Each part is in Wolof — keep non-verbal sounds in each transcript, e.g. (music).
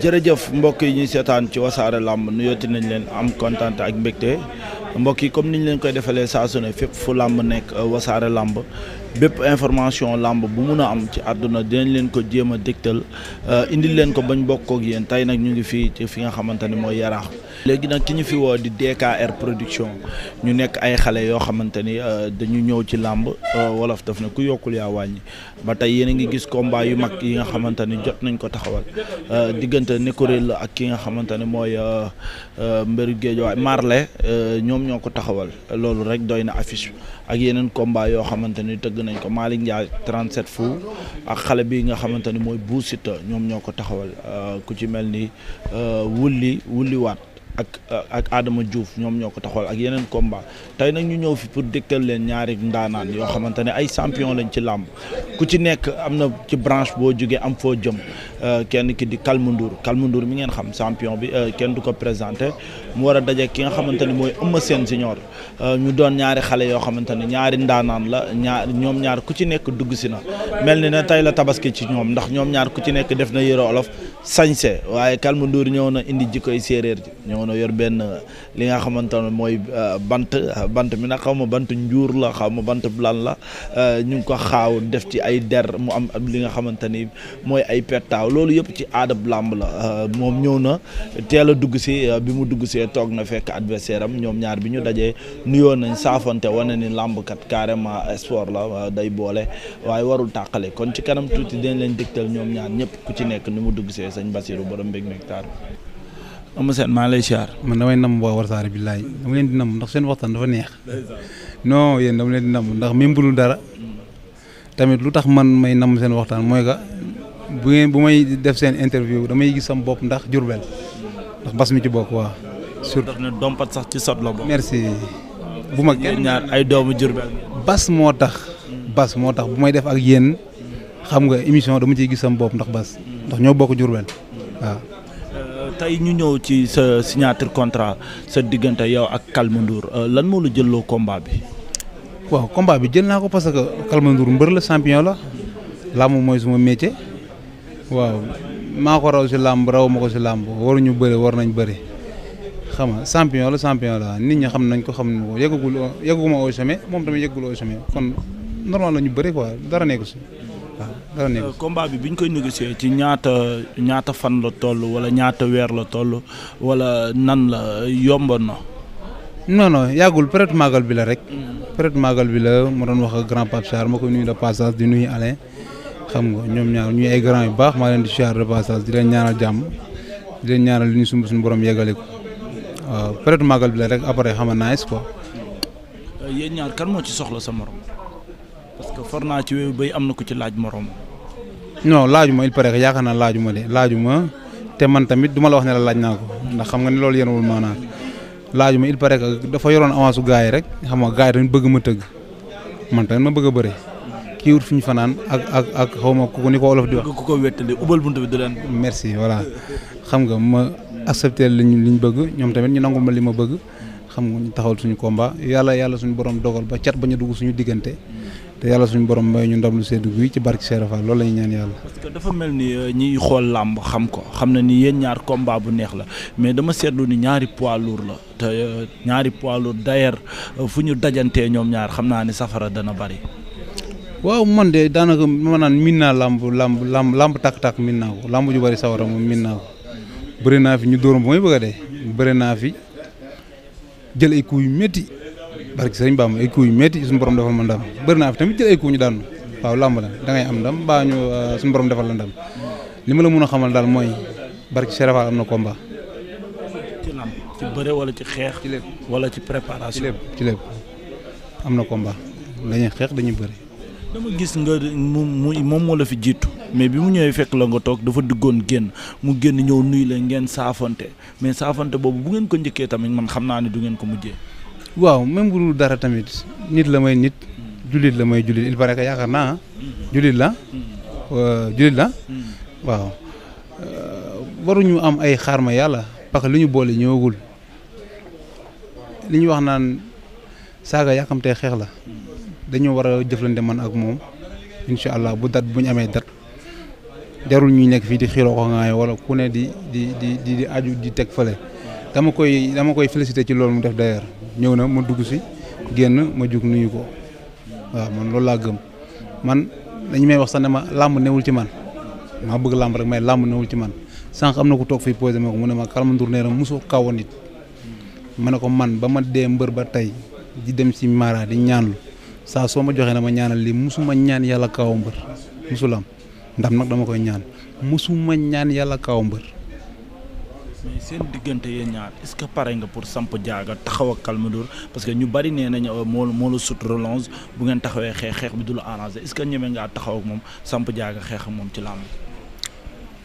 jërëjëf mbokk yi ñuy seetaan ci wasaare làmb nuyooti nañ leen am kontaan ak mbégte mbokk yi comme ñu leen koy defalee saa su ne fépp fu làmb nekk wasaare làmb bépp information làmb bu mun a am ci àdduna dinañ leen ko jéem a dégtal euh, indi leen ko bañ bokk ak yéen tey nag ñu ngi fii ci fi nga xamante ni mooy yaraax léegi nag ki ñu fi woo di DKR production ñu nekk ay xale yoo xamante ni euh, dañu ñëw ci làmb euh, wolof daf ne ku yokkul yaa wàññi ba tey yéen a ngi gis combat yu mag yi nga xamante ni jot nañ ko taxawal diggante ne Nékorél la ak ki nga xamante ne mooy mbëru géej marle Marley ñoom ñoo ko taxawal loolu rek doy na affiche ak yeneen combat yoo xamante ni tëgg nañ ko Malick Ndiaye 37 fou ak xale bi nga xamante ni mooy Bou Siteu ñoom ñoo ko taxawal euh, ku ci mel ni euh, wulli wulli waat ak euh, ak Adama Diouf ñoom ñoo ko taxawal ak yeneen combat tey nag ñu ñëw fi pour dégtal leen ñaari ndaanaan yoo xamante ne ay champion lañ ci làmb ku ci nekk am na ci branche boo jógee am foo jëm kenn ki di Kalmundur Kalmundur mi ngeen xam champion bi kenn du ko présenté mu war a daje ki nga xamante ni mooy Eumeu Sène Junior euh, ñu doon ñaari xale yoo xamante ni ñaari ndaanaan la ñaar ñoom ñaar ku ci nekk dugg si na mel ni ne tey la tabaski ci ñoom ndax ñoom ñaar ku ci nekk def na yëre olof sañse waaye Calme Ndour ñëw na indi ji jikkoy séeréer ji ñëw na yor benn euh, li nga xamante ne mooy euh, bant bant mi nag xaw ma bant njuur la xaw ma bant lan la ñu ngi ko xaaw def ci ay der mu am li nga xamante ni mooy ay pettaaw loolu yëpp ci aadab làmb la moom ñëw na teel a dugg si bi mu dugg si qualifié toog na fekk adversaire am ñoom ñaar bi ñu dajee nuyoon nañ saafonte wane ni làmbkat carrément sport la euh, day boole waaye warul tàqale kon ci kanam tuuti dañ leen dégtal ñoom ñaar ñëpp ku ci nekk ni mu dugg see sëñ Basiru borom mbég nektar ama seen maa lay siyaar man damay namm waa Wassare billaay dama leen di namm ndax seen waxtaan dafa neex non yéen dama leen di namm ndax mi bu dul dara tamit lu tax man may namm seen waxtaan mooy que bu bu may def seen interview damay gis sam ndax Jurbel surtout daf ne dompat sax ci sot la bokk. merci bu ma kenn ay doomu Jurbel bas moo tax. Hmm. bas moo tax bu may def ak yéen xam nga émission dama ciy gis sama bopp ndax bas ndax ñoo bokk Jurbel waaw. Euh, tey ñu ñëw ci sa signature contrat sa diggante yow ak Calme euh, lan moo la loo combat bi. waaw combat bi jël naa ko parce que Calme Ndour mbër la champion la làmb mooy suma métier waaw maa ko raw si làmb raw ma ko si làmb waruñu bëri war nañ bëri. xam nga champion la champion la nit ñi xam nañ ko xam nañ ko yëggagul yëgguma au sommet moom tamit yëggul au sommet kon normal la ñu bëri quoi dara nekku si waaw dara nekku si. Euh, combat bi bi ñu koy gisee ci ñaata ñaata fan la toll wala ñaata weer la toll wala nan la yomboon na. non non yàggul peut-être màggal bi la rek. Mm. peut-être màggal bi la moo doon wax ak grand Pape Sarr ma koy nuyu de passage di nuyu Alain xam nga ñoom ñaar ñuy ay grand yu baax maa leen di siyaar de di leen jàmm di leen ñaanal suñu borom yeggale ko peut-être bi la rek après xam naa nice quoi. Euh, yéen ñaar kan moo ci soxla sa morom parce que for naa ci wéy bay am na ko ci laaj moroom non laajuma il pare que yaakaar naa laajuma de laajuma te man tamit du ma la wax ne la laaj naa ko ndax xam nga ne loolu yéenawul maanaam laajuma il pare que dafa yoroon avance su gars yi rek xam nga gars yi tamit bëgg ma tëgg man tamit ma bëgg a bëre kii wut fi ñu fanaan ak ak ak xaw ma ku ko ni ko olof di wax. ku ko merci voilà xam nga accepté liñ liñ bëgg ñoom tamit ñu nangu ma li ma bëgg xam nga ñu taxawal suñu combat yàlla yàlla suñu borom dogal ba cat ba ñu dugg suñu diggante te yàlla suñu borom may ñu ndam lu sedd guy ci barke Cheikh Fall loolu la ñu ñaan yàlla. parce que dafa mel ni euh, ñiy xool làmb xam ko xam na ni yéen ñaar combat bu neex la mais dama seetlu ni ñaari poids lourd la te euh, ñaari poids lourd d'ailleurs euh, fu ñu dajante ñoom ñaar xam naa ni safara dana bari. waaw man de daanaka ma naan miin naa làmb làmb làmb làmb tàkk-tàkk miin naa moom naa ko. bëri naa fi ñu dóoram ba may bëgg a dee bëri naa fi jël ay coups yu métti barki sëriñ Bamba ay coups yu métti suñu borom defal ma ndam bëri fi tamit jël ay ñu daanu waaw làmb la am ndam baa ñu euh, suñu borom li ma la mën a daal mooy barki Serapha am ci làmb wala ci xeex. ci wala ci préparation. ci lépp ci lépp am na xeex dañuy bëri. dama moom moo la fi jiitu. mais bi mu ñëwee fekk la nga toog dafa diggoon génn mu génn ñëw nuyu la ngeen saafante mais saafante boobu bu ngeen ko njëkkee tamit man xam naa ne du ngeen ko mujjee. waaw même bu dara tamit nit la may nit. jullit la may jullit il yaakaar naa jullit la. Euh, jullit euh, waruñu am ay xaarma yàlla parce que li ñu boole ñëwagul li ñu wax naan saaga yàkkamtee xeex la dañoo war a jëflante man ak moom incha allah bu dat bu ñu amee dat. jarul ñuy nekk fii di xiroo ko ngaay wala ku ne di di di di aju di teg fale dama koy dama koy félicité ci loolu mu def d'ailleurs ñëw na ma dugg si génn ma jug nuyu ko waaw man loolu laa gëm man dañu may wax sax ne ma làmb newul ci man maa bëgg làmb rek may làmb newul ci man sànq am na ku toog fii posé ma ko mu ne ma Calme nee na musoo kawoon nit ma ne ko man ba ma dee mbër ba tey di dem si mara di ñaanlu saa soo ma joxee na ma ñaanal lii mosuma ñaan yàlla kaw ndam nag dama koy ñaan mosuma ñaan yàlla kaw mbër. seen diggante yéen ñaar est-ce que pare nga pour samp jaaga taxaw ak Kalmadour parce que ñu bari nee nañu euh, moo moo la sut relance bu ngeen taxawee xeex xeex bi du la arrangé que ñeme ngaa taxaw moom samp jaaga xeex moom ci làmb.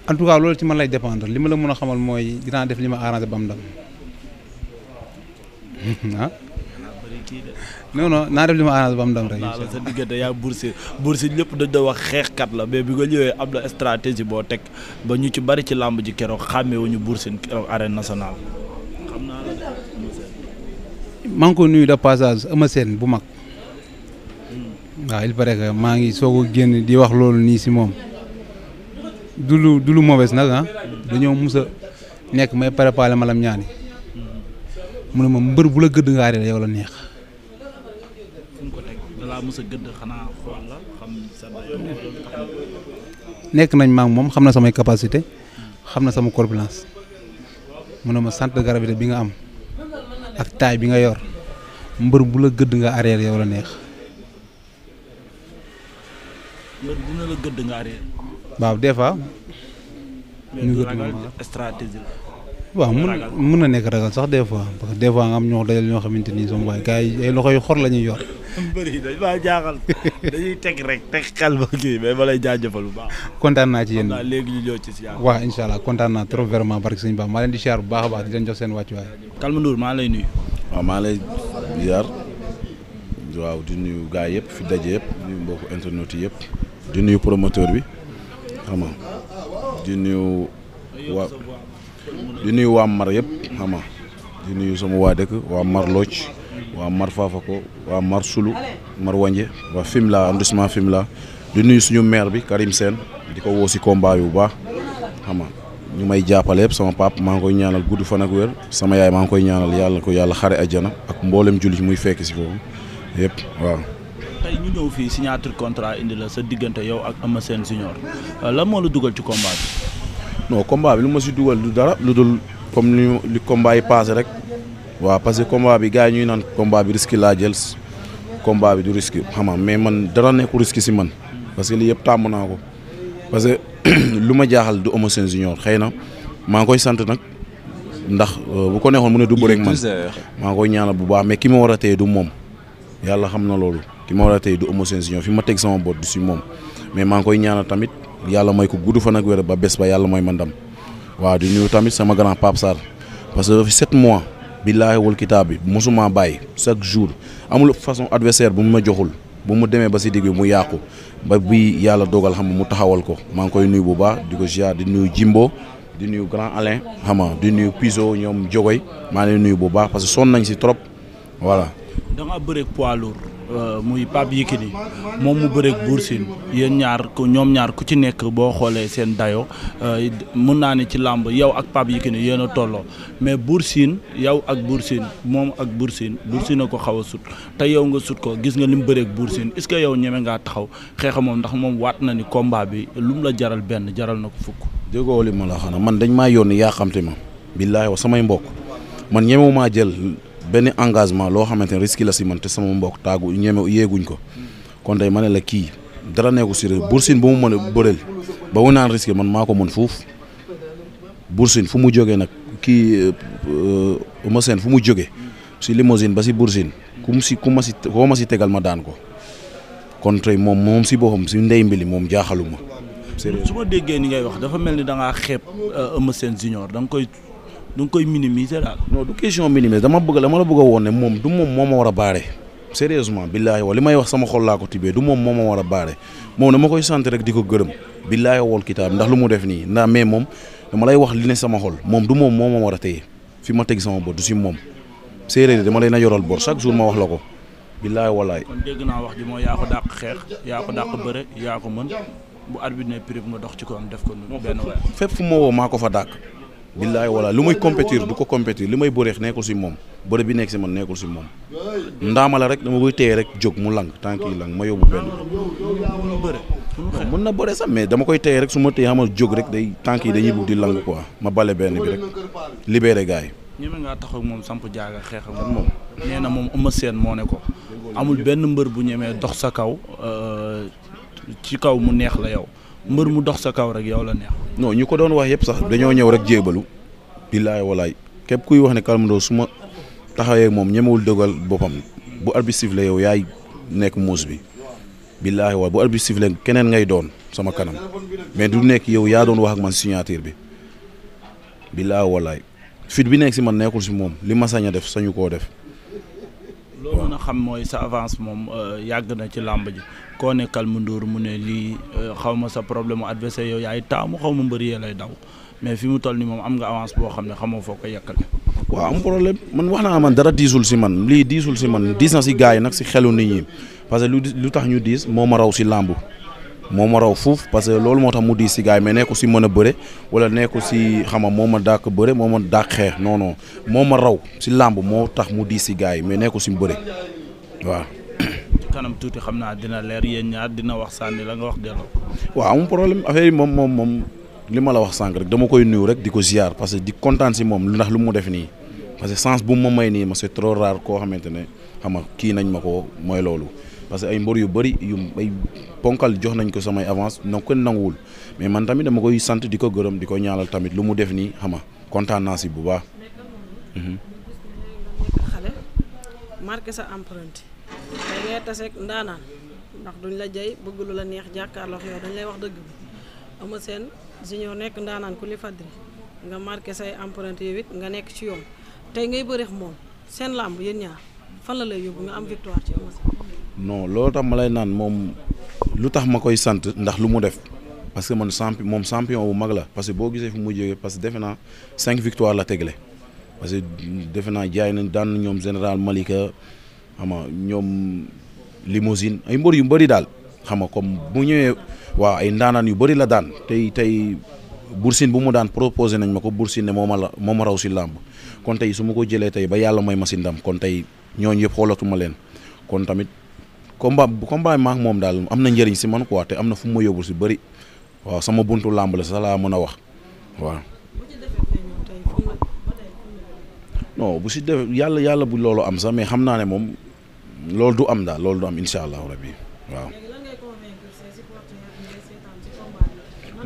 en tout loolu ci ma lay dépendre li ma la mën a xamal mooy dinaa def li ma arrangé ba mu dam (laughs) ah? non non naa def li ma arrangé ba mu dem rek. incha sa diggante yaa bourse bourse lépp dañ doon wax kat la mais bi nga ñëwee ab na stratégie boo teg ba ñu ci bari ci làmb ji keroog xàmmee wu ñu bourse keroog xam naa la de. maa ngi bu mag. Hmm. waaw il paraît que maa ngi soog a génn di wax loolu nii si moom. du lu du lu mauvaise nag ah. dañoo mus nekk may préparé malam ñaani. Hmm. mu ne ma mbër bu la gëdd ngaa yow la neex. laa mës a nekk nañ maam moom xam na samay capacité xam na sama corpulence mu ne ma sant de bi nga am ak taay bi nga yor mbër bu la gëdd nga arrière yow la neex. mbër dina fois. ñu gëdd stratégie la. waaw mun mun na nekk ragal sax des fois parce que des fois nga am ñoo dajal ni sama waay yu xor la ñuy yor. (laughs) bëri dañ maa jaaxal dañuy teg rek teg xel ba mais ma lay jaajëfal bu baax. kontaan naa ci yéen xam léegi ñu ñëw ci siyaar. waaw incha allah kontaan naa trop vraiment barke sëñ Ba maa leen di siyaar a baax di leen jox seen wàccuwaay. Calme Ndour nuyu. waaw maa di nuyu gars yëpp fi daje yëpp di nuyu mbokku internet yëpp. di nuyu promoteur bi xam nga di nuyu di nuyu waa Mar yëpp xam nga di nuyu sama waa dëkk waa Mar Looc waa Mar Fafako waa Mar Sulu Mar Wanje waa Fimela arrondissement Fimela di nuyu suñu maire bi Karim seen di ko woo si combat yu bu baax xam nga ñu may jàppale yëpp sama pap maa ngi koy ñaanal gudd fan ak wér sama yaay maa ngi koy ñaanal yàlla ko yàlla xare ajana ak mboolem jullit muy fekk si foofu yëpp waaw. tey ñu ñëw fii signature contrat indi la sa diggante yow ak Ama seen Junior lan dugal ci combat bi. non combat lu ma si dugal du dara lu dul comme lu li combat yi passé rek waaw parce que combat bi gars yi ñuy naan combat bi risque laa jël combat bi du risque xam nga mais man dara nekku risque si man parce que lii yëpp tàmm naa ko parce que (clears throat) lu ma jaaxal du Eumeu Sène junior xëy na maa ngi koy sant nag ndax euh, bu ko neexoon mu ne du bëre man man maa ngi koy ñaanal bu baax mais ki ma war a téye du moom yàlla xam na loolu ki ma war a teye du Eumeu Sène junior fi ma teg sama bopp du si moom mais maa ngi koy ñaana tamit. yàlla may ko gudd fan ak wér ba bés ba yàlla may ma ndam waaw di nuyu tamit sama grand Pape Sarr parce que sept mois billaahi wal kitaab bi mosuma bàyyi chaque jour amul façon adversaire bu mu ma joxul bu mu demee ba si digg bi mu yàqu ba bi yàlla dogal xam mu taxawal ko maa ngi koy nuyu bu baax di ko ziar di nuyu Jimbo di nuyu grand Alain xam di nuyu Piso ñoom Jogoy maa ngi nuyu bu baax parce que sonn nañ si trop voilà. da nga bëreeg poids lourd euh, muy Pape Yékini moom mu bëreek Bour Sine yéen ñaar ku ñoom ñaar ku ci nekk boo xoolee seen dayo euh, mun naa ne ci làmb yow ak Pape Yékini yéen a tolloo mais Bour Sine yow ak Bour Sine moom ak Bour Sine Bour Sine a ko xaw a sut te yow nga sut ko gis nga li mu bëreeg Bour Sine est-ce que yow ñeme ngaa taxaw xeexa moom ndax moom waat na ni komba bi lu mu la jaral benn jaral na ko fukk. déggoo li ma la xanaa man dañ maa yoon yaa xamte ma billaahi wa samay mbokk benn engagement loo xamante ne risque la si man te sama mbokk taagu ñeme yéeguñ ko kon tey ma ne la kii dara nekku si réew Boursin ba mu mën a bëreel ba mu naan risque man maa ko mën fuuf Boursin fu mu jógee nag kii euh, Eumeu Sène fu mu jóge si limousine ba si Boursin ku mu si ku ma si koo ma si tegal ma daan ko kon tey moom moom si boppam si ndey mbili moom jaaxaluma. su ma déggee ni ngay wax dafa mel ni danga ngaa xeeb euh, Eumeu Junior da nga koy da nga koy minimiser daal. non du question minimiser dama bëgg dama la bëgg woon ne moom du moom moo ma war a baare sérieusement billaahi wal li may wax sama xol laa ko tibbee du moom moo ma war a baare moom dama koy sant rek di ko gërëm billaahi wal kitaab ndax lu mu def nii ndax mais moom dama lay wax li ne sama xol moom du moom moo ma war a téye fi ma teg sama bët du si moom séeréer dama lay na yoral bor chaque jour ma wax la ko. billaay walaay kon dégg naa wax ji mooy yaa ko dàq xeex yaa ko dàq bëre yaa ko mën bu arbitre ne prix nga dox ci ko am def ko benn weer fépp fu woo maa ko fa dàq billaay wala lu may compétir du ko compétir li may bëreex nekkul si moom bëre bi nekk si man nekkul si moom ndaamala rek dama koy téye rek jóg mu lang tànk yi lang ma yóbbu benn bi mën na bëre sax mais dama koy téye rek su ma téye xama jóg rek day tànk yi dañuy bugg di lang quoi ma bale benn bi rek libéré gars yi ñeme ngaa taxaw moom samp jaaga xeex ak moom nee na moom Eumeu seen moo ne ko amul benn mbër bu ñemee dox sa kaw euh, ci kaw mu neex la yow mbër mu dox sa kaw rek yow la neex. non ñu ko doon wax yëpp sax dañoo ñëw rek jéebalu. billaay walaay képp kuy wax ne Calme Ndour su ma taxawee moom ñemewul dogal boppam bu arbitre sifflé yow yaay nekk muus bi. billaay walaay bu arbitre sifflé keneen ngay doon sama kanam mais du nekk yow yaa doon wax ak man signature bi billaay walaay fit bi nekk si man nekkul si moom li ma sañ a def sañu koo def. xam mooy sa avance moom euh, yàgg na ci làmb ji koo nekkal mu ndóor mu ne lii euh, xaw ma sa problème mu adversaire yow yaay taamu xaw ma mbëri yee lay daw mais fi mu toll nii moom am nga avance boo xam ne xamoo foo ko yekkale. waaw am problème man wax naa man dara diisul si man lii diisul si man diis na si gars yi nag si xelu nit ñi parce que lu lu tax ñu diis moo ma raw si làmb moo ma raw parce que loolu moo tax mu diis si gars yi mais si mën a bëre wala nekku si xama moo ma dàq bëre moo ma dàq xeex non moo ma raw si làmb moo tax mu diis si gars yi mais nekku si mu bëre waaw. kanam tuuti xam naa dina leer yéen ñaar dina wax sànni la nga wax delloo. waaw amul problème affaire yi moom moom moom li ma la wax sànq rek dama koy nuyu rek di ko ziar parce que di kontaan si moom lu ndax lu mu def nii parce que sens bu ma may nii ma c'est trop rare koo xamante ne xam kii nañ ma ko mooy loolu. parce que ay mbor yu bëri yu ay ponkal jox nañ ko samay avance na ko nanguwul mais man tamit dama koy sant di ko gërëm di ko ñaanal tamit lu mu def nii xam kontaan naa si bu baax. marqué tey ngay taseeg ndaanaan ndax duñ la jay bëgg lu la neex jàkkaarloo yow dañ lay wax dëgg bi ama seen junior nekk ndaanaan ku li fadri nga marqué say empreinte yow it nga nekk ci yoon tey ngay bëreex moom seen làmb yéen ñaar fan la lay yóbbu nga am victoire ci ama seen non loolu tax ma lay naan moom lu tax ma koy sant ndax lu mu def parce que man champi moom champion bu mag la parce que boo gisee fu mu jógee parce que defe naa cinq victoire la tegle parce que defe naa jaay nañ daan ñoom général Malika xam nga ñoom limousine ay mbër yu bëri daal xam nga comme bu ñëwee waaw ay ndaanaan yu bari la daan tey tey bursin bu mu daan proposé nañ ma ko bursin ne moo ma la moo ma raw si làmb kon tey su ma ko jëlee tey ba yàlla may ma si ndam kon tey ñooñ yëpp xoolatuma leen kon tamit combat combat maak moom daal am na njariñ si man quoi te am na fu ma yóbbu si bari waaw sama buntu làmb la sa laa mën a wax waaw. bu si def yàlla yàlla bu loolu am sax mais xam naa ne moom loolu du am daal loolu du am incha allahu rabi waaw.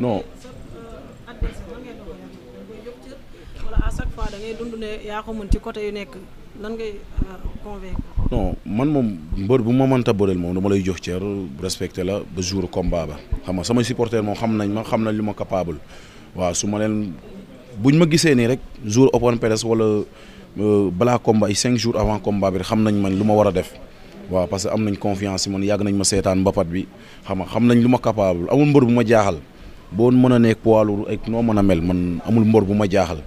no euh, euh, non man moom mbër bu ma mënta bëreel moom dama lay jox cër respecté la ba jour combat ba xam nga samay supporters moom xam nañ ma xam nañ lu ma capable waaw su ma leen buñ ma gisee nii rek jour open press wala euh, balaa combat yi cinq jours avant combat bi xam nañ man lu ma war a def. waaw parce que am nañ confiance si man yàgg nañ ma seetaan mbapat bi xam nga xam nañ lu ma capable amul mbër bu ma jaaxal boo mën a nekk poids lourd noo mën a mel man amul mbër bu ma jaaxal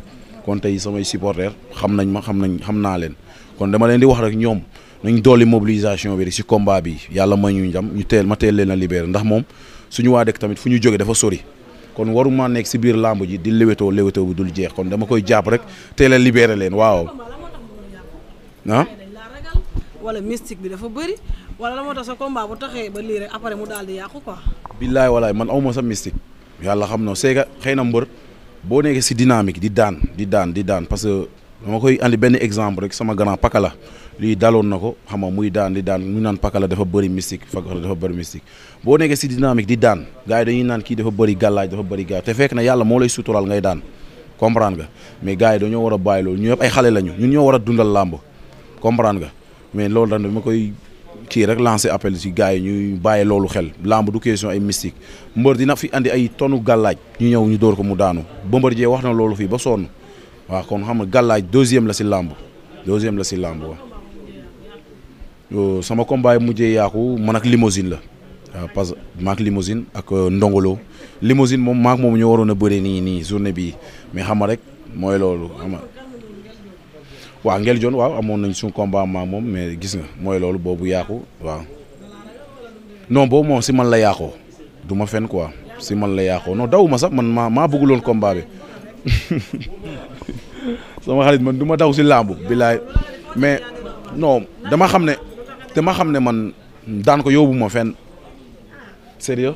kon tey samay supporters xam nañ ma xam nañ xam naa leen kon dama leen di wax rek ñoom nañ dolli mobilisation bi rek si combat bi yàlla may ñu jam ñu teel ma teel leen a ndax moom suñu waa dëkk tamit fu ñu jógee dafa sori kon waruma nekk si biir làmb ji di léwétoo léwétoo bu dul jeex kon dama koy jàpp rek teel a leen waaw wala mystique bi dafa bëri wala la moo tax sa combat bu taxee ba lii rek après mu daal di yàqu quoi. billaay walaay man awma sa mystique. yàlla xam na c'est que xëy na mbër boo nekkee si dynamique di daan di daan di daan parce que dama koy andi benn exemple rek sama grand pakala lii daloon na ko xam nga muy daan di daan ñu naan pakala dafa bëri mystique fakala dafa bëri mystique boo nekkee si dynamique di daan gars yi dañuy naan kii dafa bëri gàllaaj dafa bari gars te fekk na yàlla moo lay suturaal ngay daan comprendre nga mais gars yi dañoo war a bàyyi loolu ñu yëpp ay xale lañu ñun ñoo war a dundal làmb comprendre nga mais loolu dañ ma koy kii rek lancer appel ci gars yi ñuy bàyyi loolu xel làmb du question ay mystique mbër dina fi andi ay tonu gàllaaj ñu ñëw ñu door ko mu daanu Bombardier wax na loolu fii ba sonn waaw kon xam nga gàllaaj deuxième la si làmb deuxième la ci lamb waaw sama combat yi mujjee yaaku man ak limousine la waaw parce que maak limousine ak euh, ndongolo limousine moom maak moom ñu waroon a bëree nii nii journée bii mais xam na rek mooy loolu xam waaw Ngel jon waaw amoon nañ suñu combat ma moom mais gis nga mooy loolu boobu yaaku waaw non boobu moom si man la yaakoo du ma fen quoi si man la yaakoo non daw ma sax man maa maa bëgguloon combat bi (laughs) ma xarit man du ma daw si làmb bilaay mais non dama xam ne te xam ne man daan ko yóbbu fen fenn sérieux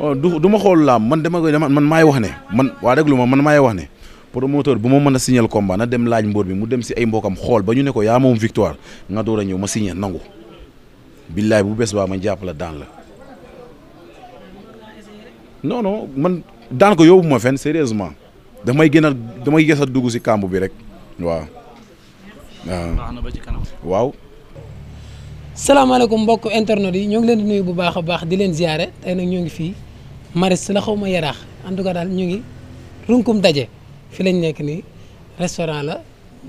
oh, du du ma xool làmb man dama koy man maay wax ne man waa lu ma man maay wax ne. promoteur bu ma mën a signal combat na dem laaj mbóor bi mu dem si ay mbokam xool ba ñu ne ko yaa moom victoire nga door a ñëw ma signé nangu billaay bu bees baa ma jàpp la daan la non man daan ko yóbbu ma fenn sérieusement damay gën a damay gës dugg si kàmb bi rek waaw. waaw. salaamaaleykum mbokk internet yi ñoo ngi leen di nuyu bu baax a baax di leen ziare tey nag ñoo ngi fii Maristes la xaw ma yaraax en tout daal ñu ngi runkum daje. fi lañ nekk nii restaurant la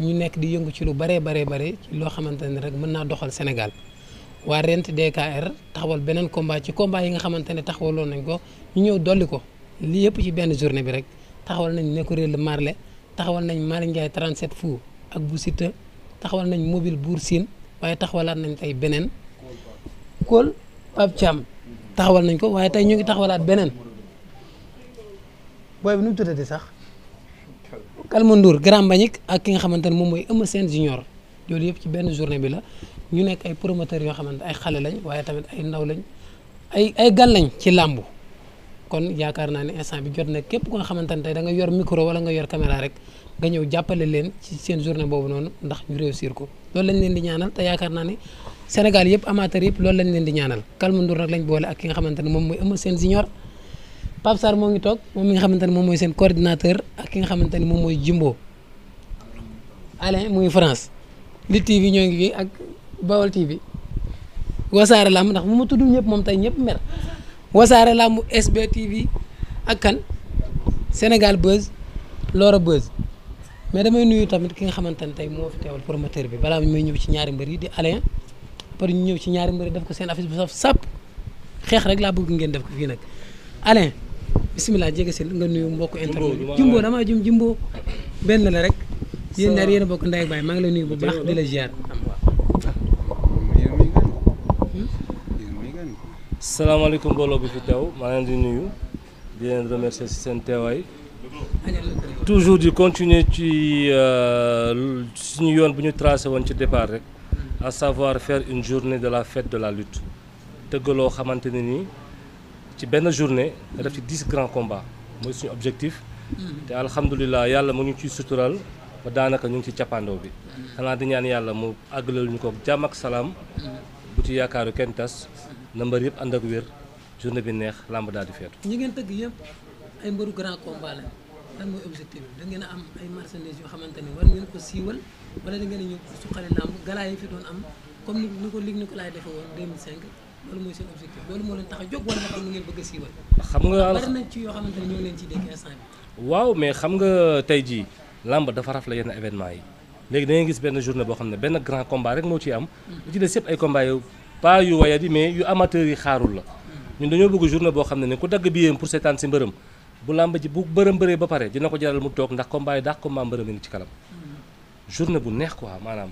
ñu nekk di yëngu ci lu baree baree bare ci loo xamante ne rek mën naa doxal Sénégal waa rent DKR taxawal beneen combat ci komba yi nga xamante ne taxawaloon nañ ko ñu ñëw dolli ko lii yëpp ci benn journée bi rek taxawal nañ nekkuréelu Marley taxawal nañ Malick Ndiaye 37 fou ak bu Siteu taxawal nañ mobile Bour Sine waaye taxawalaat nañ tey beneen Kool Pape Thiam taxawal nañ ko waaye tey ñu ngi taxawalaat beneen booy bi nu mu sax. Calme Ndour Grand Mbagnick ak ki nga xamante ne moom mooy Eumeu Sène junior loolu yëpp ci benn journée bi la ñu nekk ay promoteurs yoo xamante ay xale lañ waaye tamit ay ndaw lañ ay ay gan lañ ci làmb kon yaakaar naa ne instant bi jot na képp ko nga xamante ne tey danga yor micro wala nga yor caméra rek nga ñëw jàppale leen ci seen journée boobu noonu ndax ñu réussir ko loolu lañ leen di ñaanal te yaakaar naa ne Sénégal yëpp amateur yëpp loolu lañ leen di ñaanal Calme Ndour nag lañ xamante ne moom mooy Eumeu Sène junior Pape sar moo ngi toog moom mi nga xamante ne moom mooy seen coordinateur ak ki nga xamante ne moom mooy Jimbo Alain mu ngi France Lutte TV ñoo ngi fi ak Bawol TV wasaare làmb ndax mu ma tuddu ñëpp moom tey ñëpp mer wasaare làmb SBTV ak kan Sénégal Buzz Lora Buzz mais damay nuyu tamit ki nga xamante ne tey moo fi teewal promoteur bi balaa muy ñëw ci ñaari mbër yi di Alain par ñëw ci ñaari mbëri yi def ko seen affiche bu saf sàpp xeex rek laa bugg ngeen def ko fii nag Alain. bisimilah jege si nga nuyu mbokk internet jumbo damaa jum jumbo benn la rek yéen daal yéen a bokk ndey ak maa ngi lay nuyu bu baax di la ziar. salaamaaleykum mbooloo bi fi teew maa leen di nuyu si seen teewaay toujours di continuer ci euh, suñu yoon bu ñu tracé woon ci départ rek à savoir faire une journée de la fête de la lutte tëggaloo xamante ne nii. ci benn journée nga def ci dix grands mooy suñu objectif. te alhamdulilah yàlla mu ngi ci sutural ba daanaka ñu ngi ci cappaandoo bi. xanaa di ñaan yàlla mu àggalal ñu ko jàmm ak salaam. bu ci yaakaaru kenn tas. nambar yëpp ànd ak wér journée bi neex làmb daal di feetu. ñi ngeen tëgg yëpp ay mbëru grand combat la lan mooy objectif bi a am ay marchandises yoo xamante ne war ngeen ko siiwal wala da ngeen a làmb galaa fi doon am comme ni ko lig moo leen tax a jóg wala dafa am a xam nga ci yoo xamante waaw mais xam nga tey jii làmb dafa la yenn événement yi léegi da ngay gis benn journée boo xam ne benn grand combat rek moo ci am. Mm-hmm. lu ci des yëpp ay combat yu pas yu wayadi mais yu amateurs yi xaarul la. Mm-hmm. ñun dañoo bëgg journée boo xam ne ne ku dagg biyam pour seetaan si mbërëm bu làmb ji bu bërëm bëree ba pare dina ko jaral mu toog ndax combat yi daax combat mbërëm yi ngi ci kanam mm-hmm. journée bu neex quoi maanaam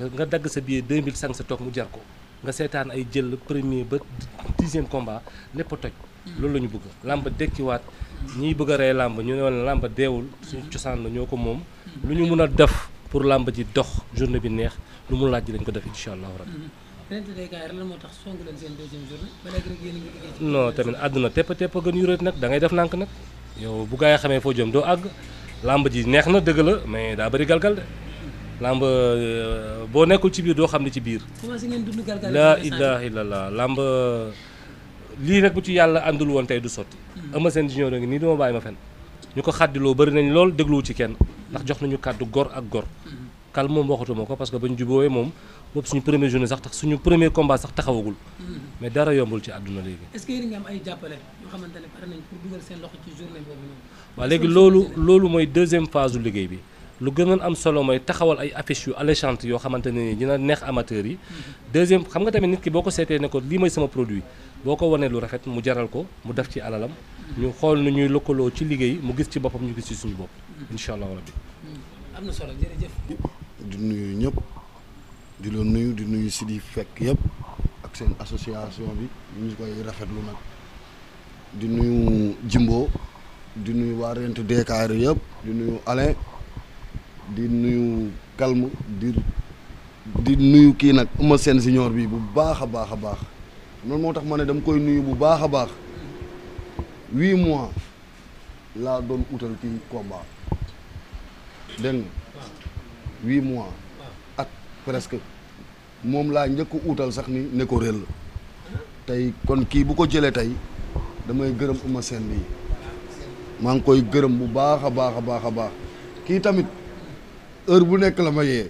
nga dagg sa billet 2000 sang sa toog mu jar ko nga seetaan ay jël premier ba dixième combat lépp a toj. loolu la ñu bëgg làmb dekkiwaat ñiy bëgg a rey làmba ñu ne woon làmb deewul suñu cosaan la ñoo ko moom. lu ñu mun a def pour làmb ji dox journée bi neex lu mu laaj lañ ko def incha allahu rabbi. non tamit àdduna tepp tepp gën yuréet nag da ngay def nànk nag yow bu gaa xamee foo jëm doo àgg làmb ji neex na dëgg la mais daa bëri galgal de. làmb euh, boo nekkul ci biir doo xam ne ci biir. commencé ngeen dund gargaar la ilaha lii nag bu ci yàlla àndul woon tey du sotti. ama hmm. seen junior ngi nii dama bàyyi ma fen ñu ko xàddiloo bari nañ lool dégluwu ci kenn ndax jox nañu kàddu gor ak gor. Hmm. kal moom waxatuma ko parce que bañ jubóowee moom boobu suñu premier journée sax tax suñu premier combat sax taxawagul. Hmm. mais dara yombul ci àdduna léegi. est-ce que ay jàppale xamante ne pare nañ léegi loolu loolu mooy deuxième phase du liggéey bi. lu gënoon am solo mooy taxawal ay affiches yu alléchantes yoo xamante ne ni dina neex amateurs yi. deuxième xam nga tamit nit ki boo ko seetee ne ko lii mooy sama produit boo ko wanee lu rafet mu jaral ko mu def ci alalam. ñu xool nu ñuy lëkkaloo ci liggéey mu gis ci boppam ñu gis ci suñu bopp. incha allah rabbi. am na di nuyu ñëpp di la nuyu di nuyu si di fekk yëpp ak seen association bi ñu ngi koy rafetlu nag di nuyu jimboo di nuyu waa Rent Dakar yëpp di nuyu Alain. di nuyu calme di di nuyu kii nag Eumeu Sène junior bi bu baax a baax a baax noonu moo tax ma ne dama koy nuyu bu baax a baax huit mois laa doon utal kii combat dégg nga huit mois ak presque moom laa njëkk utal sax ni ne ko réel tey kon kii bu ko jëlee tey damay gërëm Eumeu seen bi maa ngi koy gërëm bu baax a baax a baax a baax kii tamit heure bu nekk la ma yee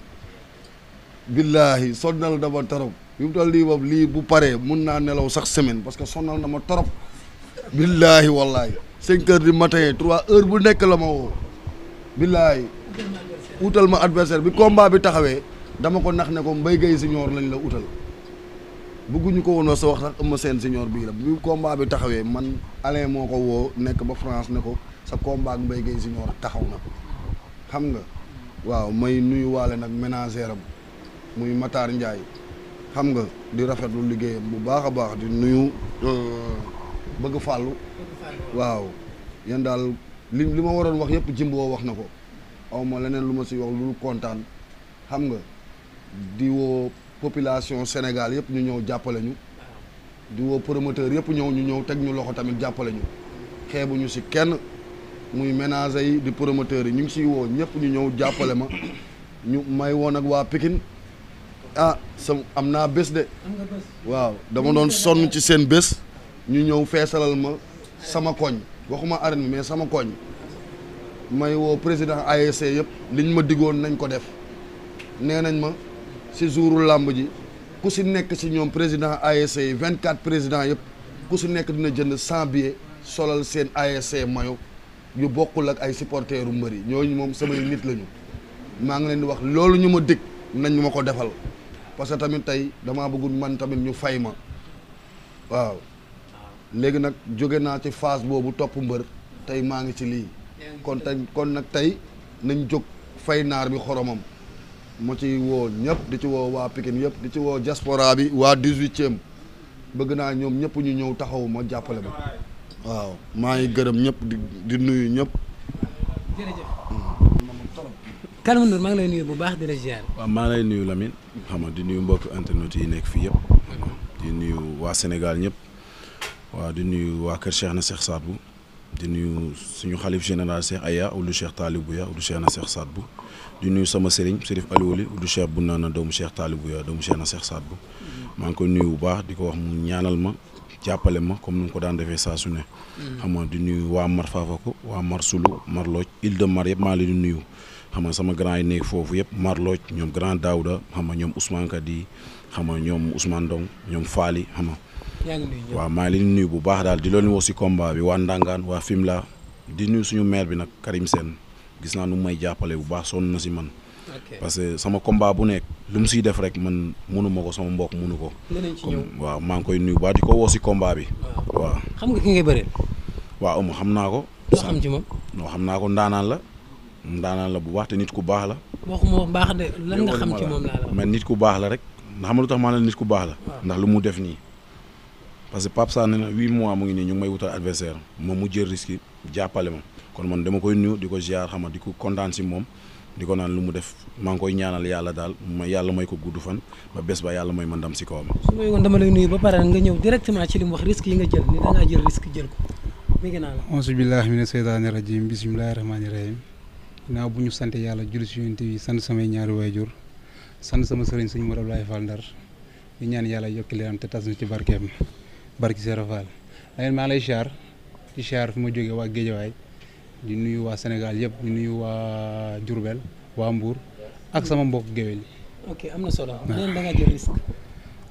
billaahi sonnal na ma torop bi mu toll lii moom lii bu paree mun naa nelaw sax semaine parce que sonnal na ma torop billaahi wallaahi cinq heures du matin trois heures bu nekk la ma woo billaahi utal ma adversaire bi combat bi taxawee dama ko nax ne ko Mbaye Guèye Junior lañ la utal bëgguñu ko woon sa wax sax Eumeu Sène Junior bii la bi kombaa bi taxawee man Alain moo ko woo nekk ba France ne ko sa combat ak Mbaye Guèye Junior taxaw na xam nga waaw may nuyu waale nag ménagère am muy Matar Ndiaye xam nga di rafetlu liggéeyam bu baax a baax di nuyu euh, bëgg fàllu waaw yéen daal li li ma waroon wax yëpp jimboo wax na ko aw ma leneen lu ma si wax lu kontaan xam nga di woo population Sénégal yëpp ñu ñëw jàppale ñu di woo promoteur yëpp ñëw ñu ñëw teg ñu loxo tamit jàppale ñu xeebuñu si kenn muy ménager yi di promoteurs yi ñu ngi siy woo ñëpp ñu ñëw jàppale ma (coughs) ñu may woon ak waa Pikine ah sa am naa bés de waaw dama doon sonn ci seen bés ñu ñëw feesalal ma sama koñ waxuma arène mais sama koñ may woo président ASC yëpp liñ ma diggoon nañ ko def nee nañ ma si jouru làmb ji ku si nekk si ñoom président ASC yi vingt quatre président yëpp ku si nekk dina jënd cent billets solal seen ASC mayo yu bokkul ak ay supporteru mbëri ñooñu moom samay nit lañu maa ngi leen di wax loolu ñu ma dig nañ ma ko defal parce que tamit tey damaa bëggul man tamit ñu fay ma waaw léegi nag jóge naa ci phase boobu topp mbër tey maa ngi ci lii kon tey kon nag tey nañ jóg fay naar bi xoromam ma ci woo ñëpp di ci woo waa Pikine yëpp di ci woo diaspora bi waa dix-huitième bëgg naa ñoom ñëpp ñu ñëw taxawuma jàppale ma waaw maa ngi gërëm ñépp di di nuyu ñëpp. jërëjëf. Calme maa ngi lay nuyu bu baax di la ziar. waaw maa lay nuyu Lamine xam nga di nuyu mbokk internet yi nekk fii yëpp. di nuyu waa Sénégal ñëpp. waaw di nuyu waa Kër Cheikh na Cheikh Sadbou. di nuyu suñu xalif général Cheikh Aya ulu Cheikh Talibou ya ulu Cheikh na Cheikh Saad bu di nuyu sama sëriñ Serif Aliwali ulu Cheikh bu naan doomu Cheikh Talibou ya doomu Cheikh na Cheikh Saad bu maa ngi koy nuyu bu baax di ko wax mu ñaanal ma jàppale ma comme ni mu ko daan defee saa su ne. Mm. xam nga di nuyu waa Mar Fafako waa Mar Sulu Mar Lodj Île de Mar yëpp maa leen nuyu. xam nga sama grand yi nekk foofu yëpp Mar Lodj ñoom grand Daouda xam nga ñoom Ousmane Kadi xam nga ñoom Ousmane Ndong ñoom Faali xam nga waaw maa ngi leen nuyu bu baax daal di loolu woo si combat bi waa Ndangaan waa Fimela di nuyu suñu maire bi nag Karim Sène gis naa nu may jàppale bu baax sonn na si man parce que sama combat bu nekk lu mu siy def rek man munu ko sama mbokk munu ko waaw maa ngi koy nuyu baax di ko woo si kombaa bi waaw xam nga ki waaw ama xam naa ko xam ci moom xam naa ko ndaanaan la ndaanaan la bu baax te nit ku baax la waxuma mais nit ku baax la rek ndax xam lu tax maa nit ku baax la ndax lu mu def nii parce que Pape Sarr nee na huit mois mu ngi nii ñu may wutal adversaire moom mu jël risque jàppale ma kon man dama koy nuyu di ko ziar xama di ko kontaan si moom di ko naan lu mu def maa ngi koy ñaanal yàlla daal ma yàlla may ko gudd fan ba bés ba yàlla may ma ndam si kawam. su ma yëgoon dama lay nuyu ba pare nga ñëw directement ci li mu wax risque yi nga jël ni da ngaa jël risque jël ko mi ngi naan la. seytaani rajiim bismillaahi rahmaani rahiim bu ñu sant yàlla julli si yonent bi sant samay ñaari waajur sant sama sëriñ sëñ Mor Abdoulaye Fall Ndar di ñaan yàlla yokk leeram te tas na ci barkeem barki Serap Fall léegi maa lay siyaar di siyaar fi ma jógee waa Géejawaay di nuyu waa Sénégal yëpp di nuyu waa Diourbel waa Mbour ak sama mbokk géwél yi. ok am na solo. Ah. da nga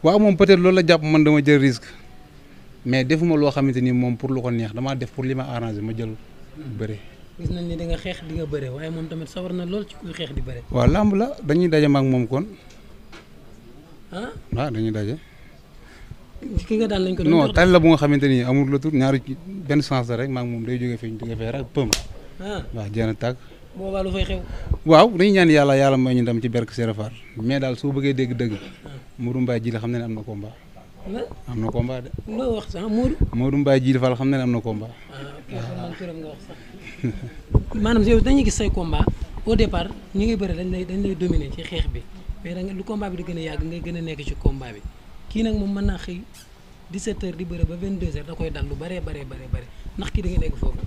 waaw moom peut-être loolu la jàpp man dama jël risque mais defuma loo xamante ni moom pour lu ko neex damaa def pour li ma arrangé ma jël bëre. gis nañ ni da nga xeex di nga bëre waaye moom tamit sawar na lool ci xeex di bëre. waaw làmb la dañuy daje ma ak moom kon. ah waaw ah, dañuy daje. ki nga daan lañ ko doon non la bu nga xamante ni amul la tur ñaari benn sens rek maa moom day jógee feeñ jógee fee rek pëm ah. waaw jéem a tàgg lu fay xew waaw dañuy ñaan yàlla yàlla may ñu ndam ci berk serafar mais daal soo bëggee dégg dëgg ah. Modou Mbaye ji la xam ne ne am na combat am na combat de loo wax sax Modou Modou Mbaye ji la xam ne ne am na combat ah, (laughs) maanaam yow dañuy gis say komba au départ ñu ngi bëri dañ lay dañ lay dominer ci xeex bi mais da nga lu combat bi di gën a yàgg ngay gën a nekk ci combat bi kii nag moom mën naa xëy di heures di bëre ba 22 heures da koy dal lu bëree bëree bëri ndax kii da nga dégg foofu.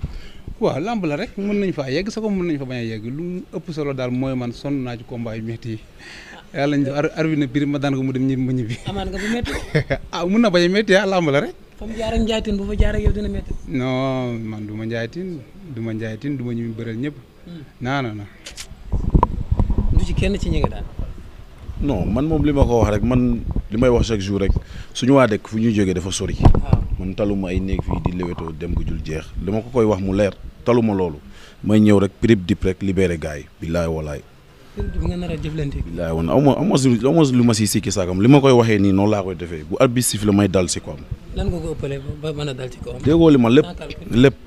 waaw lamb la rek mën nañ faa yegg sa ko mën nañ fa bañ a yegg lu ëpp solo daal mooy man sonn naa ci combat yu métti yi. Ah. yàlla ma daan ko mu dem ñibbi ma ñibbi. amaan nga bu métti. (laughs) Ah, na bañ a métti ah, rek. fa mu jaar ak bu fa jaar ak yow dina métti. non man du ma njaaytin du ma njaaytin du ma ñibbi bëreel ñëpp. Hmm. non non non. du kenn ci ñi daal non man moom li ma ko wax rek man li may wax chaque jour rek suñu waa dëkk fu ñuy jógee dafa sori. Ah. man taluma ay néeg fii di lewetoo dem ko jul jeex li ma ko koy wax mu leer taluma loolu may ñëw rek prib dip rek libéré gars yi billaay walaay. bi nga nar a jëflante. billaay woon aw ma aw ma lu ma si sikki saakam li ma koy waxee nii noonu laa koy defee bu arbitre bi may dal si ko am. lan nga ko ëppale ba mën a dal si ko am. déggoo li ma lépp lépp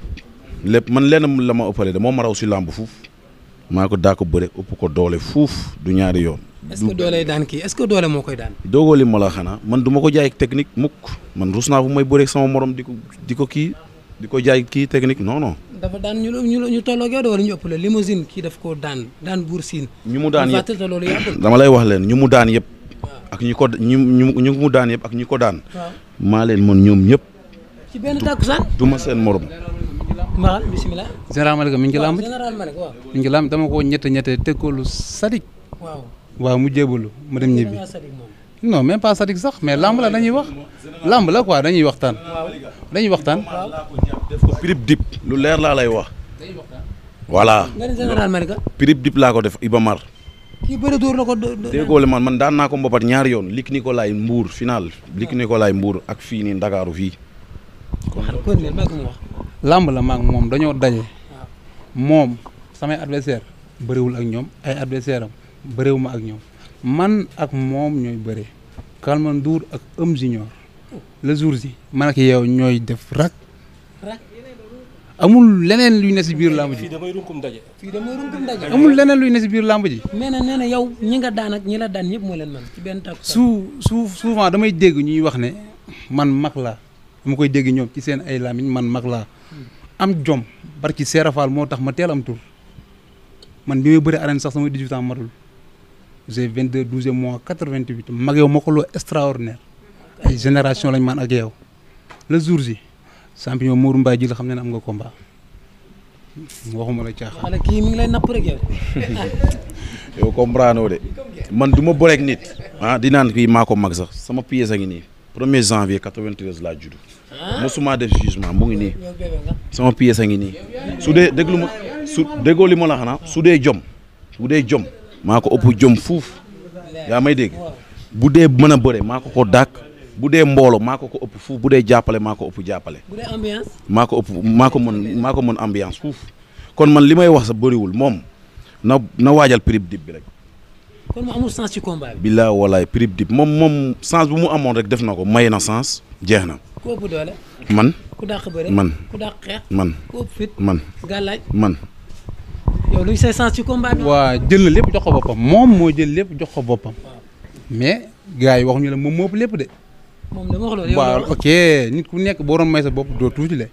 lépp man lenn la ma ëppale de moo ma raw si làmb fuuf maa ko daa ko bëre ëpp ko doole fuuf du ñaari yoon. est doole daan kii est-ce moo koy daan. doogoo li ma ma ko jaay technique mukk man rus naa bu di ko di ko kii kii technique non non. dafa daan ñu ñu ñu tolloo ak yow de wala ñu ëpp la ñu mu daan yëpp dama lay wax leen ñu mu daan yëpp. ak ñi ko ñu ñu mu daan yëpp ak ñi ko daan. maa leen mën ñoom ñëpp. ci benn tàkkusaan du ma seen morom. Mbaxal bisimilah. général Malick mi ngi ci làmb mi ngi ci dama ko ñette ñette teg ko sadik waaw mu jébalu ma dem ñibbi non même pas sadik sax mais lamb la dañuy wax làmb la quoi dañuy waxtaan dañuy waxtaan def ko prib dip lu leer laa lay wax voilà prib dip laa ko def Iba Mar kii bëri dóor la ko déggoole man man daan naa ko mbapat ñaari yoon lik Nicolas Mbour final ko Nicolas Mbour ak fii nii Ndakaaru fii lamb la maag moom dañoo daje ah. moom samay adversaire bëriwul ak ñoom ay adversaire bëréewu ma ak ñoom man ak moom ñooy bëre Calme Ndour ak Eum Junior le jour ji man ak yow ñooy def rak amul leneen luy ne si biir làmb ji damay runkum daje amul leneen luy ne si biir làmb ji nee na yow ñi nga daan ak ñi daan ñëpp moo leen man benn tàkk su su souvent damay dégg ñuy wax ne man mag la dama koy dégg ñoom ci seen ay làmmiñ man mag laa am jom bari barki Serafal moo tax ma teel am tur man bi may bëri arène sax sama 18 matul j'ai 22 12 mois 88 mag yow ma ko loo extraordinaire ay génération lañ man ak yow le jour si champion Mourou Mbaye xam ne am nga combat waxuma la caaxaan. xanaa kii mi ngi lay napp rek yow. (laughs) yow comprendre de man du ma boleeg nit. ah di naan kii maa mag sax sama pièce a ngi nii 1er janvier 93 laa judd. Ah. mosuma def jugement mu ngi nii. sama pièce a ngi nii. su dee déglu ma su déggoo li ma la xanaa su dee jom su dee jom. maa ko ëpp jom fuuf yaa may dégg bu dee mën a bëre maa ko ko dàq bu dee mboolo maa ko ko ëpp fuuf bu dee jàppale maa ko ëpp jàppale. maa ko ëpp maa ko mën maa ko mën ambiance fuuf kon man li may wax sa bëriwul moom na na waajal prib dib bi rek. kon mu amul sens ci bi. bilaa walaay moom moom sens bu mu amoon rek def na ko may na sens jeex na. ku man ku dàq bëre man ku man man man. yow luy say sens ci combat jël na lépp jox ko boppam moom moo jël lépp jox ko boppam. mais gars yi ñu la moom moo ëpp lépp de. moom dama wax loolu yow waaw ok nit ku nekk boo doon may sa bopp doo tuuti la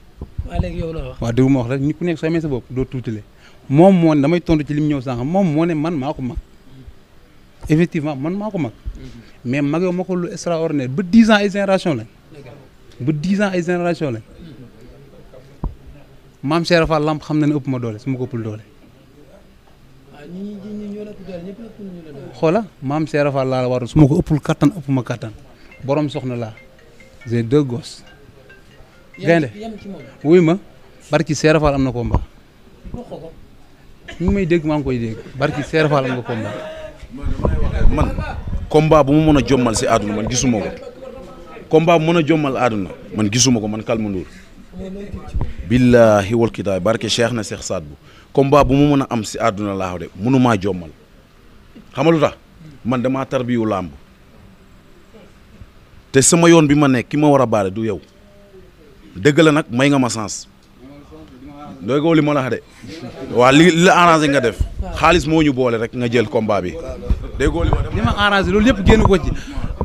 léegi yow loolu wax. waaw dégg ma wax rek nit ku nekk soo may sa bopp doo tuutile moom moo ne damay tontu ci li mu ñëw sànq moom moo ne man maa ko mag effectivement man maa ko mag mais mag yow ma ko lu extraordinaire ba dix ans ay génération lañ ba dix ans ay génération lañ maam Cheikh Fall Lamp xam na ne ëpp ma doole su ma ko ëppul doole. xoola maam Cheikh Fall laa la waroon su ma ko ëppul kàttan ëpp ma kattan borom soxna laa j'ai deux gaynde wuy ma barki Cheikh Fall am na combat. ñu may dégg maa koy dégg barki Cheikh Fall am man combat bu ma mën a jommal si àdduna man gisuma ko. combat bu mën a jommal àdduna man gisuma ko man Calme Ndour. billaahi wal kitaab barke na Cheikh Saad bu combat bu mu mën a am si àdduna laaw de mënumaa jommal xam nga lu tax man damaa tarbiyu làmb te sama yoon bi ma nekk ki ma war a baare du yow dëgg la nag may nga ma sens dooy li ma la wax de waaw li la arrangé nga def xaalis moo ñu boole rek nga jël combat bi dégg li ma li arrangé loolu yëpp génn ko ci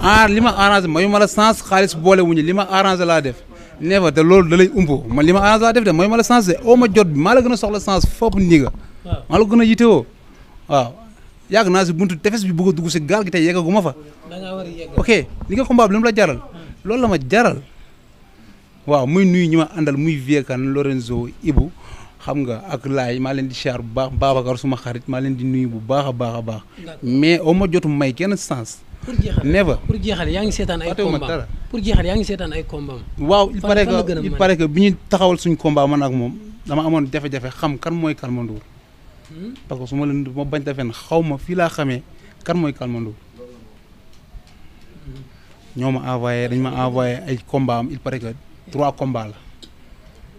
ah li ma arrangé mayu ma la sens xaalis boole wuñu li ma arrangé laa def neefa te loolu da lay umpoo man li ma arrange waa def de mooy ma la sens de oo ma jot bi maa gën a soxla sens fopp nii nga maa la gën a yitewoo waaw yàgg naa si buntu tefes bi bëgg a dugg si gaal gi tey yeggagu ma fa ok li nga combat bi li la jaral hmm. loolu la ma jaral waaw muy nuyu ñi ma àndal muy Viekan Lorenzo Ibu xam nga ak laay maa leen di siyaar bu baax Babacar suma xarit maa leen di nuyu bu baax a baax a baax mais oo ma jotu may kenn sens pour jeexal never pour jeexal yaa ngi seetaan ay combat pour jeexal yaa ngi seetaan ay combat waaw il paraît que il que bi ñu taxawal suñ combat man ak moom dama amoon jafe-jafe xam kan mooy Calma Ndour hmm? parce su ma leen ma bañ defen xaw ma fii laa xamee kan mooy Calma ñooma ñoo envoyé dañ ma envoyé ay combat am il paraît que trois combats la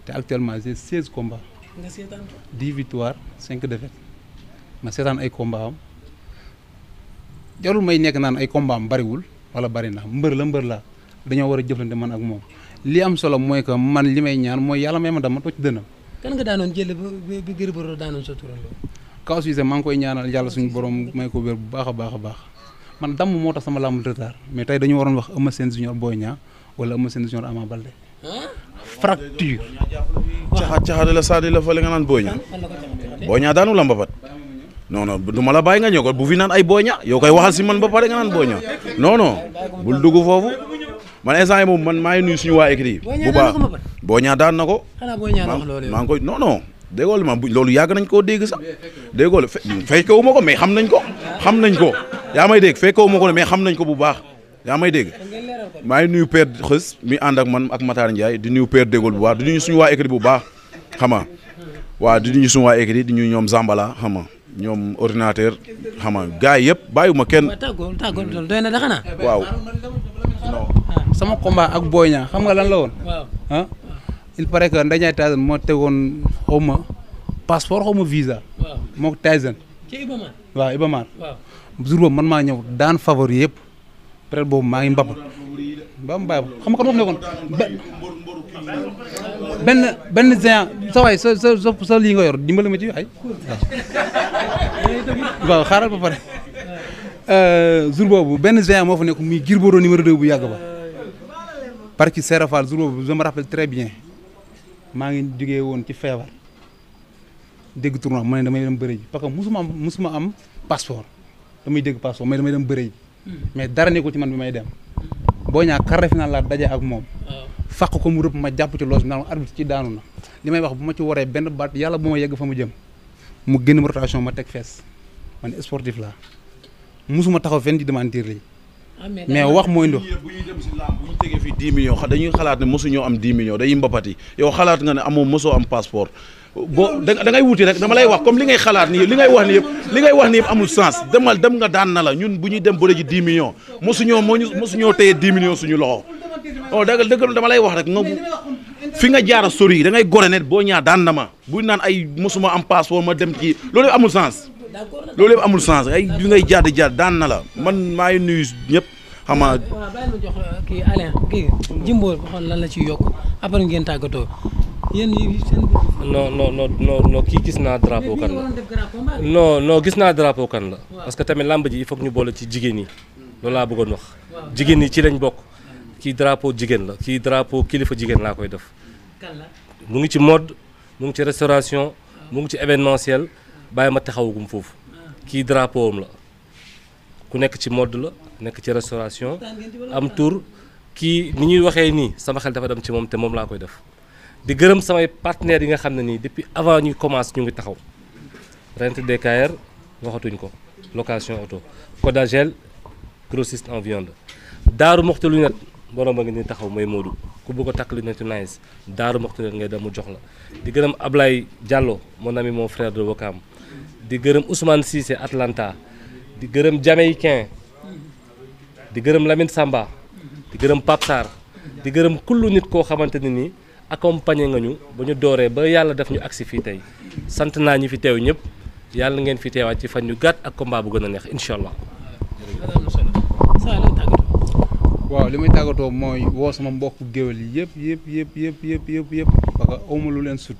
te actuellement j'ai seize combats dix victoires cinq défaites ma seetaan ay combat am jarul may nekk naan ay combat am bariwul wala bari na mbër la mbër la dañoo war a jëflante man ak moom li am solo mooy que man li may ñaan mooy yàlla may ma dama toj dënam. kan nga daanoon jël bi bi Gris Bordeaux ngi koy ñaanal yàlla suñu borom may ko bu baax a baax baax man damm moo tax sama làmb retard mais tey dañu waroon wax Eumeu Sène junior Boy Niang wala Eumeu Sène junior Ama Baldé. fracture. caxaat caxaat la saa di la fële nga naan Boy Niang. Boy Niang daanu la mbapat. non non du ma la bàyyi nga ñëw ko bu fi naan ay booña yow koy waxal si man ba pare nga naan booña non non bul dugg foofu man instant yi moom man maa ngi nuyu suñu waa écrit bu baax booña daan na ko maa ngi koy non non déggoo ma bu loolu yàgg nañ koo dégg sax déggoo la fekkewu ma ko mais xam nañ ko xam nañ ko yaa may dégg fekkewu ma ko mais xam nañ ko bu baax yaa may dégg maa ngi nuyu père xës mi ànd ak man ak Matar Ndiaye di nuyu père déggoo bu baax di nuyu suñu waa écrit bu baax xama waaw di nuyu suñu waa écrit di nuyu ñoom Zambala xama ñoom ordinateur xam nga gars yi ma bàyyiwuma kenn. waaw tàggoo tàggoo loolu doy sama combat ak Boy Niang xam nga lan la woon. il paraît que Ndeye Ndiaye Tyson moo tegoon xaw ma passeport visa. waaw moog waaw Ibamar. waaw jour boobu man maa ñëw daan favori yëpp peut boobu maa ngi mbab. ba mu bàyyi ko xam nga benn benn géant sa waay sa sa sa lii nga yor dimbali ma ci waay waaw waaw xaaral ba pare euh, jour boobu benn géant moo fa nekk muy Gris Bordeaux numéro 2 bu yàgg ba parce que Serap Fall jour boobu je me rappelle très bien maa ngi jógee woon ci feebar dégg tournoi ma ne damay dem bëre ji parce que musuma am musuma am passeport damay dégg passeport mais damay dem bëre ji hmm. mais dara nekkul ci man bi may dem boo ñaa quart de laa daje ak moom. fàq ko mu rëbb ma jàpp ci loos bi naan arbitre ci daanu na li may wax bu ma ci woree benn baat yàlla bu ma yegg fa mu jëm mu génn ma rotation ma teg fees man sportif laa musuma taxaw fenn di demantir lii ah, mais wax mooy ndox bu ñuy dem si làmb bu ñu tegee fii 10 millions dañuy xalaat ne mosuñoo am 10 millions day mbapati yow xalaat nga ne amoo mosoo am passeport boo da ngay wuti rek dama lay wax comme li ngay xalaat ni li ngay wax nii yëpp li ngay wax ni yëpp amul sance demal dem nga daan na la ñun bu ñuy dem bëre ji 10 millions mosuñoo moo ñu mosuñoo téye 10 millions suñu loxo oh dagal dëgg dama lay wax rek nga fi nga jaar a sori da ngay gore boo ñaa daan nama ma bu naan ay mosuma am passe ma dem ci loolu yëpp amul sens. loolu yëpp amul sens ay bi ngay jaad jaad daan na la man maa ngi ñëpp. xam nga. waaw bàyyi euh, xool lan la ci yokk après ngeen tàggatoo yéen yi seen. non non gis naa drapeau kan la gis naa drapeau kan la. parce que tamit làmb ji il ñu boole ci jigéen yi. loolu laa bëggoon nox jigéen yi ci lañ bokk. kii drapo jigéen la kii drapo kilifa jigéen laa koy def. mu ngi ci mode mu ngi ci restauration mu ngi ci événementiel bàyyi ma taxawagum foofu ah. kii drapo am la ku nekk ci mode la. nekk ci restauration am tour kii ni ñuy waxee nii sama xel dafa dem ci moom te moom laa koy def di gërëm samay partenaires yi nga xam ne nii depuis avant ñuy commence ñu ngi taxaw Rent DKR waxatuñ ko location auto Codagel grossiste en viande Daaru lu lunette borom a ngi ni taxaw mooy Modou ku bëgg ko takk lunette yu nice Daaru Moxti lunette ngay dem mu jox la di gërëm Ablaye Diallo mon ami mon frère de Wakam di gërëm Ousmane Cissé Atlanta di gërëm Jamaïcain di gërëm Lamine Samba di gërëm Pape di gërëm kullu nit koo xamante ne nii accompagné nga ñu ba ñu dooree ba yàlla daf ñu agsi fii tey sant naa ñu fi teew ñëpp yàlla ngeen fi teewaat ci fan yu gàtt ak combat bu gën a neex incha waaw li may tàggatoo mooy woo sama mbokk géwél yi yëpp yëpp yëpp yëpp yëpp yëpp yëpp awma lu leen sut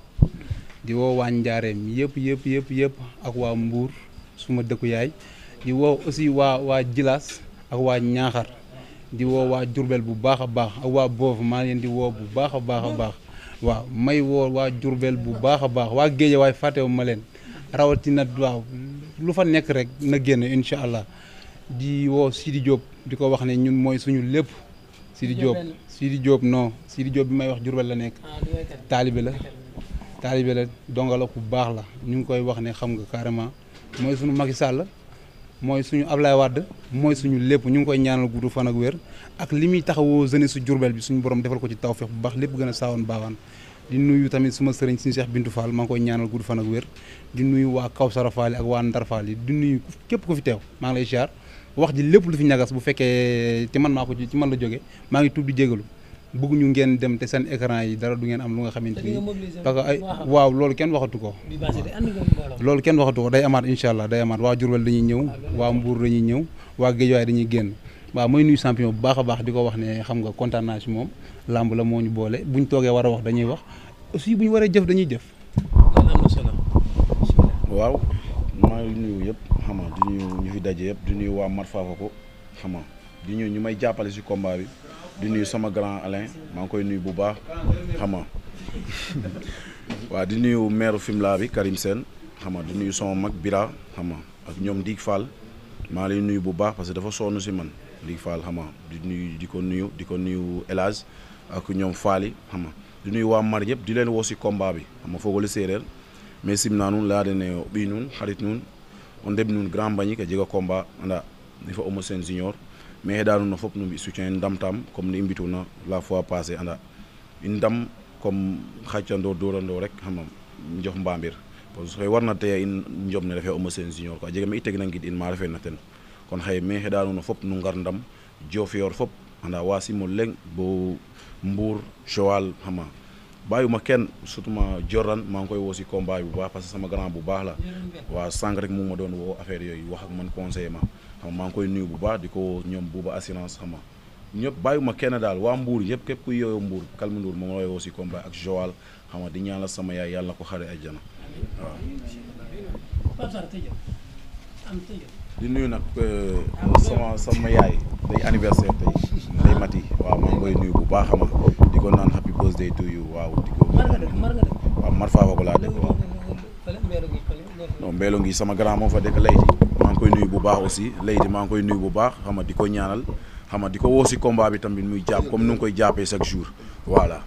di woo waa Njaareem yëpp yëpp yëpp yëpp ak waa Mbuur suma dëkku yaay di woo aussi waa waa Jilaas ak waa ñaaxar di woo waa jurbel bu baax a baax ak waa boobu maa leen di woo bu baax a baax a baax waaw may woo waa jurbel bu baax a baax waa géeja waaye fàttewu ma leen rawatina waaw lu fa nekk rek na génn incha allah di woo Sidi Diop di ko wax ne ñun mooy suñu lépp Sidi Diop Sidi Diop non Sidi bi may wax jurbel la nekk ah, taalibe la taalibe la donga la ku baax la ñu ngi koy wax ne xam nga carrément mooy suñu Macky Sall mooy suñu Ablaye Wade mooy suñu lépp ñu ngi koy ñaanal gudd fan ak wér ak li muy taxawoo jeunesse su Diourbel bi suñu borom defal ko ci tawfeex bu baax lépp gën a saawoon baawaan di nuyu tamit suma sëriñ suñu Cheikh Bintou Fall maa ngi koy ñaanal gudd fan ak wér di nuyu waa kaw Fall ak waa Ndar Fall di nuyu képp ku fi teew maa ngi lay ziar wax ji lépp lu fi ñagas bu fekkee ci man maa ko ci man la jóge maa ngi tuub di jégalu bëgguñu ngeen dem te seen écran yi dara du ngeen am lu nga xamante ni parce ay waaw loolu kenn waxatu ko loolu kenn waxatu ko day amaat incha allah day amaat waa Diourbel dañuy ñëw waa Mbour dañuy ñëw waa Guédiawaye dañuy génn waaw mooy nuyu champion bu baax a baax di ko ne xam nga kontaan si moom làmb moo ñu boole buñ toogee war wax dañuy wax aussi bu ñu waree jëf dañuy jëf yëpp xam nga di ñu fi daje yëpp di nuyu waa Mat Fafa ko xam nga di nuyu ñu may jàppale si kombaar yi di nuyu sama grand Alain maa ngi koy nuyu bu baax xama (laughs) waa di nuyu maire Fimela bi Karim Sène xama di nuyu sama mag Bira xama ak ñoom Dig Fall maa lay nuyu bu baax parce que dafa sonn si man Dig Fall xama di nuyu di ko nuyu di ko nuyu El ak ñoom Faly xama di nuyu waa Mar yëpp di leen woo si combat bi xama foogale séeréer mais simna nun laade ne ɓiy nun xarit nun on ndeb nun grand mbañi ka jega combat anda ifa Eumeu Sène junior mais heɗanuno fof no mbi soutien ndamtam comme no imbituna la fois passé anda in ndam comme xaccando dorando rek xamam jof mbamir parce que warna teye in job ne refe o monsieur junior quoi a jega ma refe na ten kon xaye mais na fop nu ngar ndam jofiyor fop anda wasimo leng bo mbour joal xama bàyyuma kenn surtout ma Jordan maa ngi koy woo si combat bu baax parce que sama grand bu baax la waaw sànq rek mu ma doon woo affaire yooyu wax ak man conseiller ma xam maa ngi koy nuyu bu baax di ko ñoom buuba assurance xam nga ñëpp bàyyiwuma kenn daal waa Mbour yëpp képp kuy yooyu Mbour Calme Ndour moom ak Joal xam nga di ñaanal sama yaay yàlla ko xare ajjana nuyu nag euh, sama sama yaay day anniversaire bu baax xam nga di ko naan happy laa dëkk waaw. non ngi sama grand moo fa dëkk layti koy nuyu bu baax aussi Leydi maa ngi koy nuyu bu baax xam di ko ñaanal xam nga di ko woo si combat bi tamit muy jàpp comme ni nga koy jàppee chaque jour voilà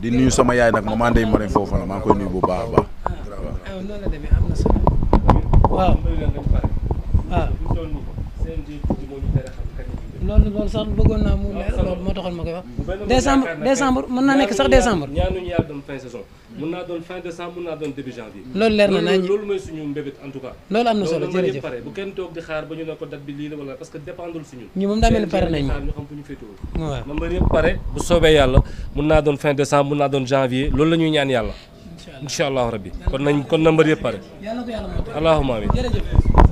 di nuyu sama yaay nag maman Ndeye Marème foofu la maa ngi koy nuyu bu baax a baax. waaw noonu la demee am na solo waaw ah. mu ah, leer loolu moo taxoon ma nekk sax décembre. mun naa doon fin décembre mun naa doon début janvier. loolu leer na nañ loolu mooy suñu mbébét en tout cas. loolu am na solo jërëjëf pare bu kenn toog di xaar ba ñu ne ko date bi lii la parce que dépendul suñu. ñi moom daa ni pare nañ ma ñu xam yëpp pare bu soobee yàlla mun naa doon fin décembre mun naa doon janvier loolu la ñaan yàlla. incha allah rabbi kon nañ yëpp pare. yàlla amin